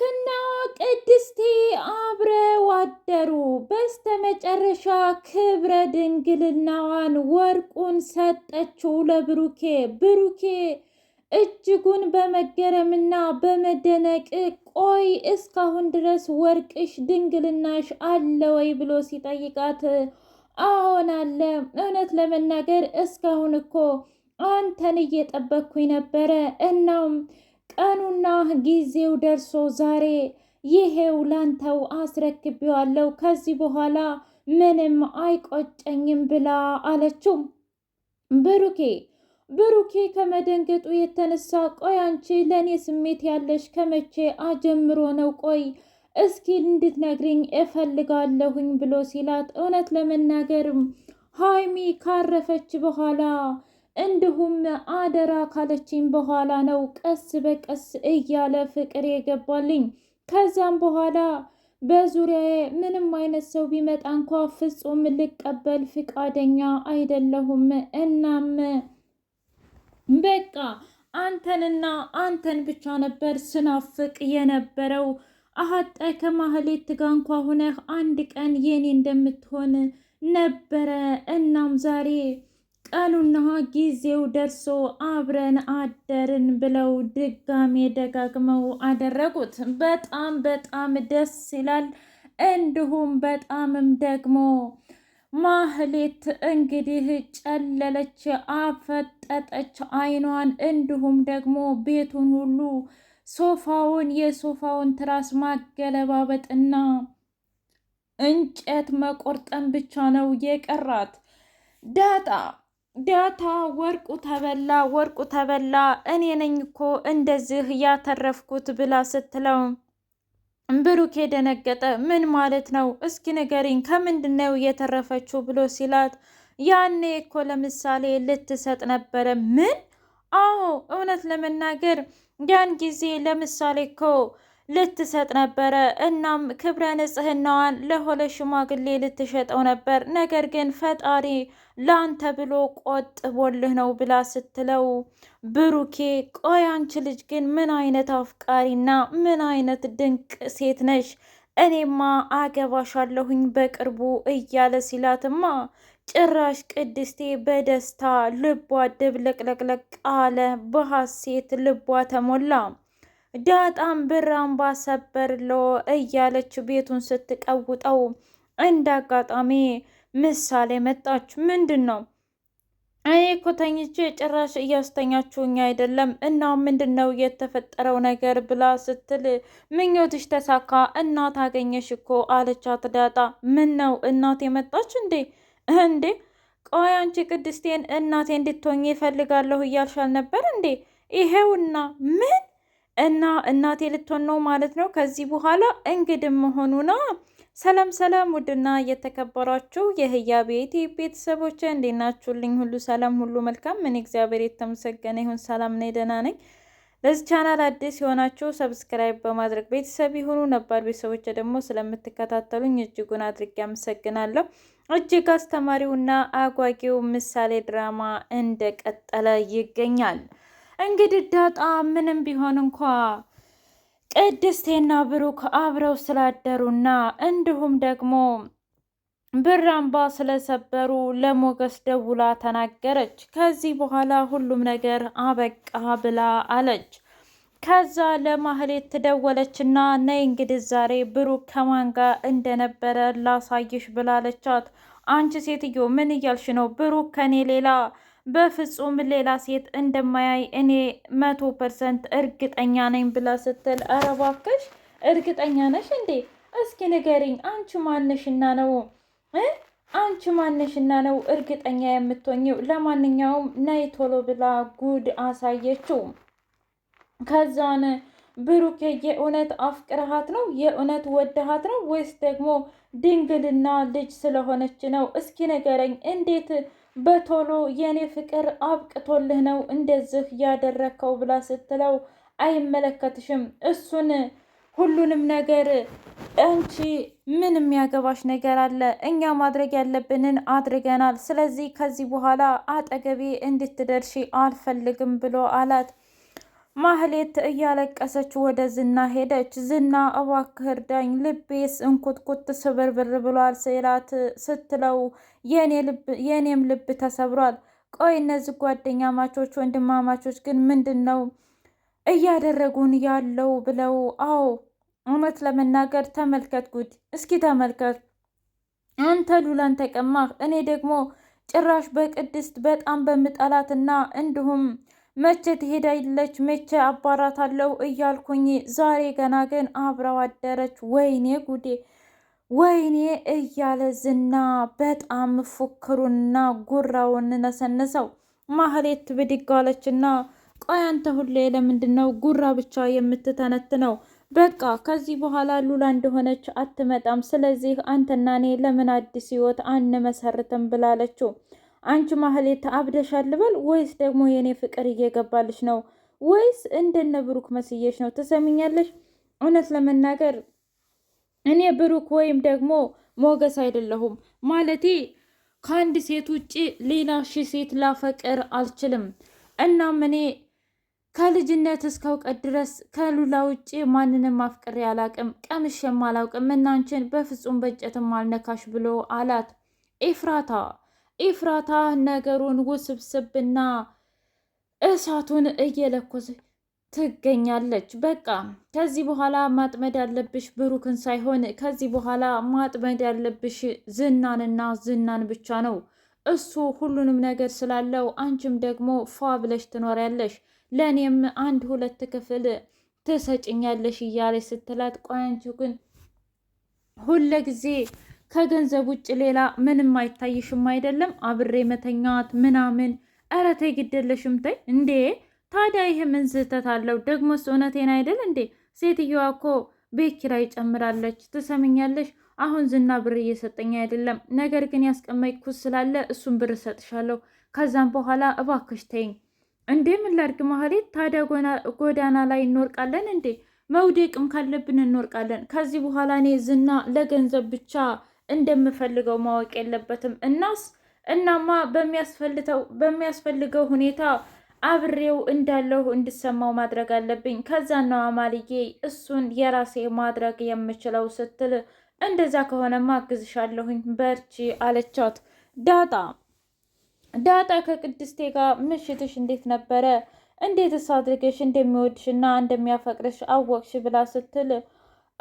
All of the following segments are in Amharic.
ብሩክና ቅድስቴ አብረው አደሩ። በስተመጨረሻ ክብረ ድንግልናዋን ወርቁን ሰጠችው ለብሩኬ። ብሩኬ እጅጉን በመገረምና በመደነቅ ቆይ እስካሁን ድረስ ወርቅሽ ድንግልናሽ አለ ወይ ብሎ ሲጠይቃት አሁን አለ። እውነት ለመናገር እስካሁን እኮ አንተን እየጠበቅኩኝ ነበረ እናም ቀኑና ጊዜው ደርሶ ዛሬ ይሄው ላንተው አስረክቤዋለሁ፣ ከዚህ በኋላ ምንም አይቆጨኝም ብላ አለችው። ብሩኬ ብሩኬ ከመደንገጡ የተነሳ ቆይ አንቺ ለእኔ ስሜት ያለሽ ከመቼ አጀምሮ ነው? ቆይ እስኪ እንድትነግሪኝ እፈልጋለሁኝ ብሎ ሲላት እውነት ለመናገር ሀይሚ ካረፈች በኋላ እንዲሁም አደራ ካለችኝ በኋላ ነው ቀስ በቀስ እያለ ፍቅር የገባልኝ። ከዛም በኋላ በዙሪያዬ ምንም አይነት ሰው ቢመጣ እንኳ ፍጹም ልቀበል ፍቃደኛ አይደለሁም። እናም በቃ አንተንና አንተን ብቻ ነበር ስናፍቅ የነበረው። አሀጠ ከማህሌት ጋር እንኳ ሁነህ አንድ ቀን የኔ እንደምትሆን ነበረ። እናም ዛሬ ቀኑና ጊዜው ደርሶ አብረን አደርን ብለው ድጋሜ ደጋግመው አደረጉት። በጣም በጣም ደስ ይላል። እንዲሁም በጣምም ደግሞ ማህሌት እንግዲህ ጨለለች፣ አፈጠጠች አይኗን። እንዲሁም ደግሞ ቤቱን ሁሉ ሶፋውን፣ የሶፋውን ትራስ ማገለባበጥና እንጨት መቆርጠም ብቻ ነው የቀራት ዳጣ ዳታ ወርቁ ተበላ ወርቁ ተበላ እኔ ነኝ እኮ እንደዚህ ያተረፍኩት ብላ ስትለው ብሩኬ ደነገጠ። ምን ማለት ነው? እስኪ ንገሪኝ ከምንድን ነው የተረፈችው ብሎ ሲላት ያኔ እኮ ለምሳሌ ልትሰጥ ነበረ። ምን? አዎ እውነት ለመናገር ያን ጊዜ ለምሳሌ እኮ ልትሰጥ ነበረ። እናም ክብረ ንጽህናዋን ለሆለ ሽማግሌ ልትሸጠው ነበር። ነገር ግን ፈጣሪ ለአንተ ብሎ ቆጥቦልህ ነው ብላ ስትለው ብሩኬ፣ ቆይ አንቺ ልጅ ግን ምን አይነት አፍቃሪና ምን አይነት ድንቅ ሴት ነሽ! እኔማ አገባሻለሁኝ በቅርቡ እያለ ሲላትማ ጭራሽ ቅድስቴ በደስታ ልቧ ለቅለቅለቅ አለ። በሐሴት ልቧ ተሞላ። ዳጣም ብር አምባ ሰበርሎ እያለች ቤቱን ስትቀውጠው እንደ አጋጣሚ ምሳሌ መጣች። ምንድን ነው እኔ እኮ ተኝቼ ጭራሽ እያስተኛችሁኝ አይደለም እና ምንድን ነው የተፈጠረው ነገር ብላ ስትል ምኞትሽ ተሳካ እናት አገኘሽ እኮ አለቻት ዳጣ። ምን ነው እናቴ መጣች እንዴ? እንዴ ቆይ አንቺ ቅድስቴን እናቴ እንድትሆኝ ይፈልጋለሁ እያልሻል ነበር እንዴ? ይሄውና ምን እና እናቴ ልትሆን ነው ማለት ነው ከዚህ በኋላ እንግድም መሆኑ ነው። ሰላም ሰላም፣ ውድና እየተከበራችሁ የህያ ቤቴ ቤተሰቦች እንዴት ናችሁልኝ? ሁሉ ሰላም፣ ሁሉ መልካም። ምን እግዚአብሔር የተመሰገነ ይሁን። ሰላም ነኝ፣ ደህና ነኝ። ለዚህ ቻናል አዲስ የሆናችሁ ሰብስክራይብ በማድረግ ቤተሰብ ይሁኑ። ነባር ቤተሰቦች ደግሞ ስለምትከታተሉኝ እጅጉን አድርጌ አመሰግናለሁ። እጅግ አስተማሪውና አጓጊው ምሳሌ ድራማ እንደቀጠለ ይገኛል። እንግዲህ ዳጣ ምንም ቢሆን እንኳ ቅድስቴና ብሩክ አብረው ስላደሩና እንዲሁም ደግሞ ብር አምባ ስለሰበሩ ለሞገስ ደውላ ተናገረች። ከዚህ በኋላ ሁሉም ነገር አበቃ ብላ አለች። ከዛ ለማህሌት ትደወለችና ነይ እንግዲህ ዛሬ ብሩክ ከማን ጋር እንደነበረ ላሳይሽ ብላለቻት። አንቺ ሴትዮ ምን እያልሽ ነው? ብሩክ ከኔ ሌላ በፍጹም ሌላ ሴት እንደማያይ እኔ መቶ ፐርሰንት እርግጠኛ ነኝ ብላ ስትል፣ ኧረ እባክሽ እርግጠኛ ነሽ እንዴ? እስኪ ንገሪኝ፣ አንቺ ማንሽና ነው አንቺ ማንሽና ነው እርግጠኛ የምትሆኝው? ለማንኛውም ነይ ቶሎ ብላ ጉድ አሳየችው። ከዛን ብሩኬ የእውነት አፍቅርሃት ነው? የእውነት ወደሃት ነው? ወይስ ደግሞ ድንግልና ልጅ ስለሆነች ነው? እስኪ ንገረኝ እንዴት በቶሎ የኔ ፍቅር አብቅቶልህ ነው እንደዚህ ያደረግከው ብላ ስትለው አይመለከትሽም እሱን ሁሉንም ነገር አንቺ ምን የሚያገባሽ ነገር አለ? እኛ ማድረግ ያለብንን አድርገናል። ስለዚህ ከዚህ በኋላ አጠገቤ እንድትደርሺ አልፈልግም ብሎ አላት። ማህሌት እያለቀሰች ወደ ዝና ሄደች። ዝና እባክህ እርዳኝ፣ ልቤስ እንኩትኩት ስብርብር ብሏል ስላት ስትለው የእኔም ልብ ተሰብሯል። ቆይ እነዚህ ጓደኛ ማቾች ወንድማማቾች ግን ምንድን ነው እያደረጉን ያለው ብለው አዎ፣ እውነት ለመናገር ተመልከት ጉድ፣ እስኪ ተመልከት። አንተ ሉላን ተቀማህ፣ እኔ ደግሞ ጭራሽ በቅድስት በጣም በምጠላትና እንዲሁም መቼ ትሄዳለች መቼ አባራታለሁ እያልኩኝ ዛሬ ገና ግን አብረው አደረች። ወይኔ ጉዴ ወይኔ እያለ ዝና በጣም ፉክሩና ጉራውን ነሰነሰው። ማህሌት ብድግ አለችና ቆይ አንተ ሁሌ ለምንድን ነው ጉራ ብቻ የምትተነትነው? በቃ ከዚህ በኋላ ሉላ እንደሆነች አትመጣም። ስለዚህ አንተና እኔ ለምን አዲስ ህይወት አንመሰርትም? ብላለችው አንቺ ማህሌት አብደሻል ልበል ወይስ ደግሞ የእኔ ፍቅር እየገባልሽ ነው ወይስ እንደነ ብሩክ መስየሽ ነው? ትሰሚኛለሽ፣ እውነት ለመናገር እኔ ብሩክ ወይም ደግሞ ሞገስ አይደለሁም። ማለቴ ከአንድ ሴት ውጭ ሌላ ሺ ሴት ላፈቅር አልችልም። እናም እኔ ከልጅነት እስከ እውቀት ድረስ ከሉላ ውጭ ማንንም አፍቅሬ አላቅም፣ ቀምሼም አላውቅም። እናንችን በፍጹም በእንጨትም አልነካሽ ብሎ አላት ኤፍራታ ኢፍራታ ነገሩን ውስብስብና እሳቱን እየለኮሰ ትገኛለች። በቃ ከዚህ በኋላ ማጥመድ ያለብሽ ብሩክን ሳይሆን ከዚህ በኋላ ማጥመድ ያለብሽ ዝናንና ዝናን ብቻ ነው። እሱ ሁሉንም ነገር ስላለው አንቺም ደግሞ ፏ ብለሽ ትኖሪያለሽ፣ ለእኔም አንድ ሁለት ክፍል ትሰጭኛለሽ እያለች ስትላት ቆይ አንቺ ግን ሁለጊዜ ከገንዘብ ውጭ ሌላ ምንም አይታይሽም አይደለም? አብሬ መተኛት ምናምን ኧረ ተይ ግደለሽም ተይ እንዴ! ታዲያ ይሄ ምን ስህተት አለው? ደግሞስ እውነቴን አይደል እንዴ? ሴትየዋ እኮ ቤት ኪራይ ጨምራለች። ትሰምኛለሽ? አሁን ዝና ብር እየሰጠኝ አይደለም፣ ነገር ግን ያስቀመጥኩት ስላለ እሱን ብር እሰጥሻለሁ። ከዛም በኋላ እባክሽ ተይኝ። እንዴ ምን ላድርግ ማህሌት? ታዲያ ጎዳና ላይ እንወርቃለን እንዴ? መውደቅም ካለብን እንወርቃለን። ከዚህ በኋላ እኔ ዝና ለገንዘብ ብቻ እንደምፈልገው ማወቅ የለበትም። እናስ እናማ በሚያስፈልገው ሁኔታ አብሬው እንዳለሁ እንድሰማው ማድረግ አለብኝ። ከዛ ነው አማልዬ እሱን የራሴ ማድረግ የምችለው ስትል እንደዛ ከሆነማ አግዝሻለሁኝ በርቺ አለቻት። ዳጣ ዳጣ ከቅድስቴ ጋር ምሽትሽ እንዴት ነበረ? እንዴትስ አድርገሽ እንደሚወድሽ እና እንደሚያፈቅርሽ አወቅሽ ብላ ስትል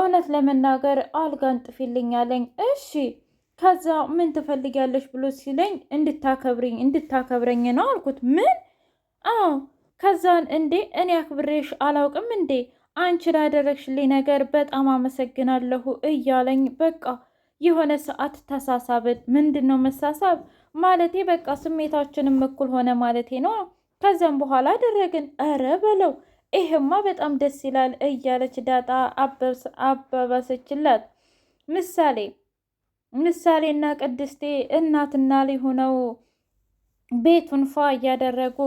እውነት ለመናገር አልጋን ጥፊልኝ አለኝ። እሺ ከዛ ምን ትፈልጊያለሽ ብሎ ሲለኝ እንድታከብሪኝ እንድታከብረኝ ነው አልኩት። ምን? አዎ ከዛን እንዴ እኔ አክብሬሽ አላውቅም እንዴ አንቺ ላደረግሽልኝ ነገር በጣም አመሰግናለሁ እያለኝ በቃ የሆነ ሰዓት ተሳሳብን። ምንድን ነው መሳሳብ ማለቴ? በቃ ስሜታችንም እኩል ሆነ ማለቴ ነው። ከዛም በኋላ አደረግን። ረ በለው ይሄማ በጣም ደስ ይላል እያለች ዳጣ አባባሰችላት ምሳሌ ምሳሌና ቅድስቴ እናትና ልጅ ሆነው ቤቱን ፏ እያደረጉ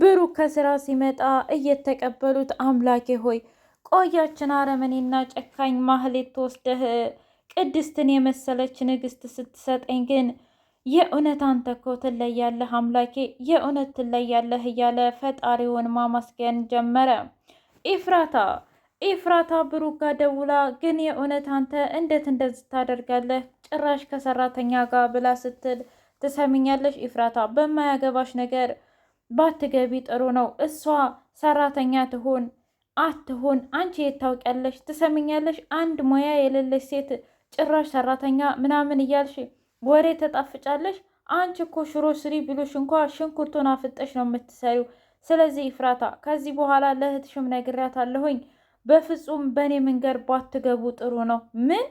ብሩ ከስራ ሲመጣ እየተቀበሉት፣ አምላኬ ሆይ ቆያችን አረመኔና ጨካኝ ማህሌት ተወስደህ ቅድስትን የመሰለች ንግስት ስትሰጠኝ ግን የእውነት አንተ እኮ ትለያለህ አምላኬ፣ የእውነት ትለያለህ እያለ ፈጣሪውን ማመስገን ጀመረ። ኢፍራታ ኢፍራታ ብሩክ ጋር ደውላ ግን የእውነት አንተ እንዴት እንደዚህ ታደርጋለህ ጭራሽ ከሰራተኛ ጋር ብላ ስትል ትሰሚኛለሽ ኢፍራታ፣ በማያገባሽ ነገር ባትገቢ ጥሩ ነው። እሷ ሰራተኛ ትሆን አትሆን አንቺ የታውቂያለሽ። ትሰሚኛለሽ? አንድ ሙያ የሌለች ሴት ጭራሽ ሰራተኛ ምናምን እያልሽ ወሬ ተጣፍጫለሽ። አንቺ እኮ ሽሮ ስሪ ብሎሽ እንኳ ሽንኩርቱን አፍጠሽ ነው የምትሰሪው። ስለዚህ ይፍራታ ከዚህ በኋላ ለእህትሽም ነግሬያታለሁኝ። በፍጹም በእኔ መንገድ ባትገቡ ጥሩ ነው። ምን?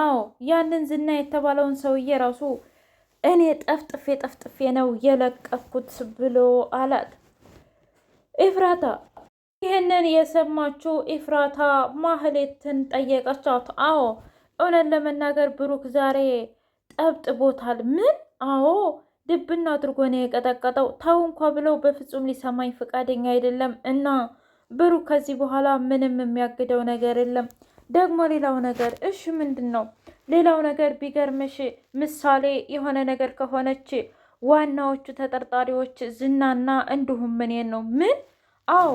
አዎ ያንን ዝና የተባለውን ሰውዬ ራሱ እኔ ጠፍጥፌ ጠፍጥፌ ነው የለቀኩት ብሎ አላት። ኢፍራታ ይህንን የሰማችው ኢፍራታ ማህሌትን ጠየቀቻት። አዎ እውነት ለመናገር ብሩክ ዛሬ ጠብጥቦታል። ምን? አዎ ድብና አድርጎ ነው የቀጠቀጠው። ተው እንኳ ብለው በፍጹም ሊሰማኝ ፈቃደኛ አይደለም። እና ብሩክ ከዚህ በኋላ ምንም የሚያግደው ነገር የለም። ደግሞ ሌላው ነገር እሺ፣ ምንድን ነው ሌላው ነገር? ቢገርምሽ ምሳሌ የሆነ ነገር ከሆነች ዋናዎቹ ተጠርጣሪዎች ዝናና እንዲሁም ምንን ነው። ምን? አዎ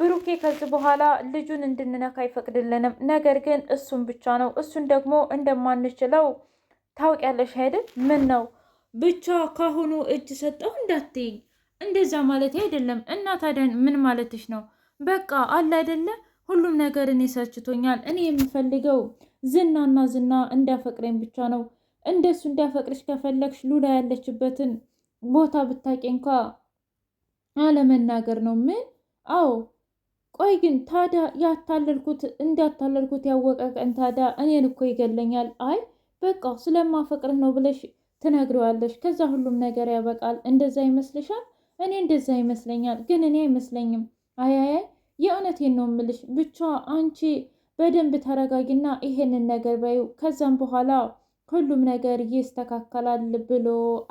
ብሩኬ ከዚህ በኋላ ልጁን እንድንነካ አይፈቅድልንም። ነገር ግን እሱን ብቻ ነው። እሱን ደግሞ እንደማንችለው ታውቂያለሽ አይደል? ምን ነው ብቻ ካሁኑ እጅ ሰጠው እንዳትይኝ። እንደዛ ማለት አይደለም። እና ታዲያ ምን ማለትሽ ነው? በቃ አለ አይደለ ሁሉም ነገር እኔ ሰችቶኛል። እኔ የምፈልገው ዝናና ዝና እንዳፈቅረኝ ብቻ ነው። እንደሱ እንዳፈቅርሽ ከፈለግሽ ሉላ ያለችበትን ቦታ ብታውቂ እንኳ አለመናገር ነው። ምን? አዎ። ቆይ ግን ታዲያ ያታለልኩት እንዳታለልኩት ያወቀ ቀን ታዲያ እኔን እኮ ይገለኛል። አይ በቃ ስለማፈቅርህ ነው ብለሽ ትነግረዋለሽ። ከዛ ሁሉም ነገር ያበቃል። እንደዛ ይመስልሻል? እኔ እንደዛ ይመስለኛል፣ ግን እኔ አይመስለኝም። አያያይ የእውነቴን ነው ምልሽ። ብቻ አንቺ በደንብ ተረጋጊና ይሄንን ነገር በይው። ከዛም በኋላ ሁሉም ነገር ይስተካከላል ብሎ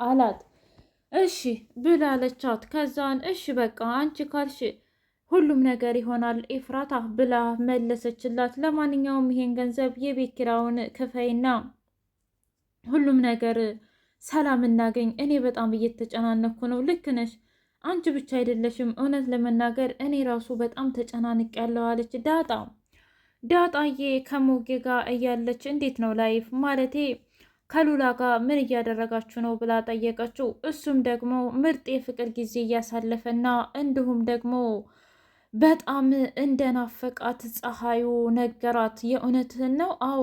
አላት። እሺ ብላለቻት። ከዛን እሺ በቃ አንቺ ካልሽ ሁሉም ነገር ይሆናል ኤፍራታ ብላ መለሰችላት። ለማንኛውም ይሄን ገንዘብ የቤት ኪራውን ክፈይና ሁሉም ነገር ሰላም እናገኝ። እኔ በጣም እየተጨናነኩ ነው። ልክ ነሽ፣ አንቺ ብቻ አይደለሽም። እውነት ለመናገር እኔ ራሱ በጣም ተጨናንቅ ያለው አለች ዳጣ። ዳጣዬ ከሞጌ ጋር እያለች እንዴት ነው ላይፍ ማለቴ ከሉላ ጋር ምን እያደረጋችሁ ነው ብላ ጠየቀችው። እሱም ደግሞ ምርጥ የፍቅር ጊዜ እያሳለፈና እንዲሁም ደግሞ በጣም እንደናፈቃት ፀሐዩ ነገራት። የእውነትህን ነው? አዎ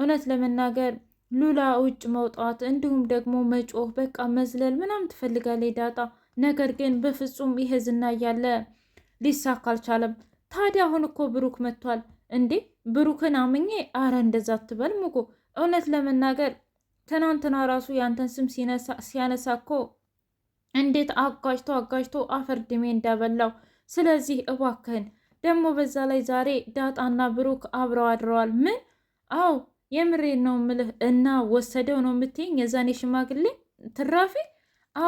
እውነት ለመናገር ሉላ ውጭ መውጣት እንዲሁም ደግሞ መጮህ በቃ መዝለል ምናምን ትፈልጋለች ዳጣ። ነገር ግን በፍጹም ይሄ ዝና እያለ ሊሳካ አልቻለም። ታዲያ አሁን እኮ ብሩክ መጥቷል እንዴ! ብሩክን አምኜ አረ እንደዛ ትበል ሙጎ። እውነት ለመናገር ትናንትና ራሱ ያንተን ስም ሲያነሳ እኮ እንዴት አጋጅቶ አጋጅቶ አፈር ድሜ እንዳበላው። ስለዚህ እባክህን ደግሞ በዛ ላይ ዛሬ ዳጣና ብሩክ አብረው አድረዋል። ምን አው የምሬን ነው ምልህ እና ወሰደው ነው የምትይኝ? የዛኔ ሽማግሌ ትራፊ።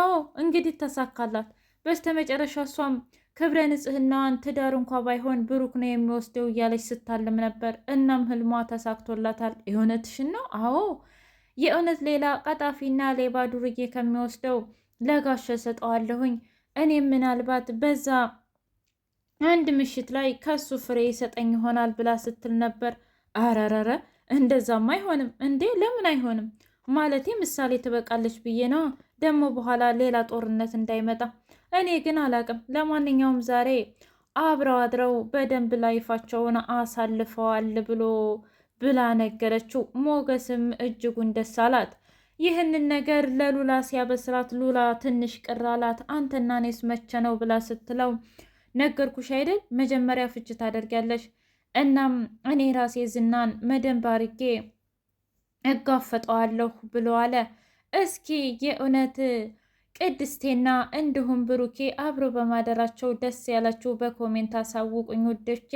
አዎ እንግዲህ ተሳካላት። በስተመጨረሻ እሷም ክብረ ንጽህናዋን ትዳር እንኳ ባይሆን ብሩክ ነው የሚወስደው እያለች ስታልም ነበር። እናም ህልሟ ተሳክቶላታል። የእውነትሽን ነው? አዎ የእውነት ሌላ ቀጣፊና ሌባ ዱርዬ ከሚወስደው ለጋሸ ሰጠዋለሁኝ። እኔም ምናልባት በዛ አንድ ምሽት ላይ ከሱ ፍሬ ይሰጠኝ ይሆናል ብላ ስትል ነበር። አረረረ እንደዛም አይሆንም እንዴ? ለምን አይሆንም? ማለቴ ምሳሌ ትበቃለች ብዬ ነው ደግሞ በኋላ ሌላ ጦርነት እንዳይመጣ እኔ ግን አላቅም። ለማንኛውም ዛሬ አብረው አድረው በደንብ ላይፋቸውን አሳልፈዋል ብሎ ብላ ነገረችው። ሞገስም እጅጉን ደስ አላት። ይህንን ነገር ለሉላ ሲያበስራት ሉላ ትንሽ ቅር አላት። አንተና እኔስ መቼ ነው ብላ ስትለው ነገርኩሽ አይደል መጀመሪያ ፍች ታደርጊያለሽ እናም እኔ ራሴ ዝናን መደንብ አርጌ እጋፈጠዋለሁ ብሎ አለ። እስኪ የእውነት ቅድስቴና እንዲሁም ብሩኬ አብሮ በማደራቸው ደስ ያላችሁ በኮሜንት አሳውቁኝ ውዶቼ።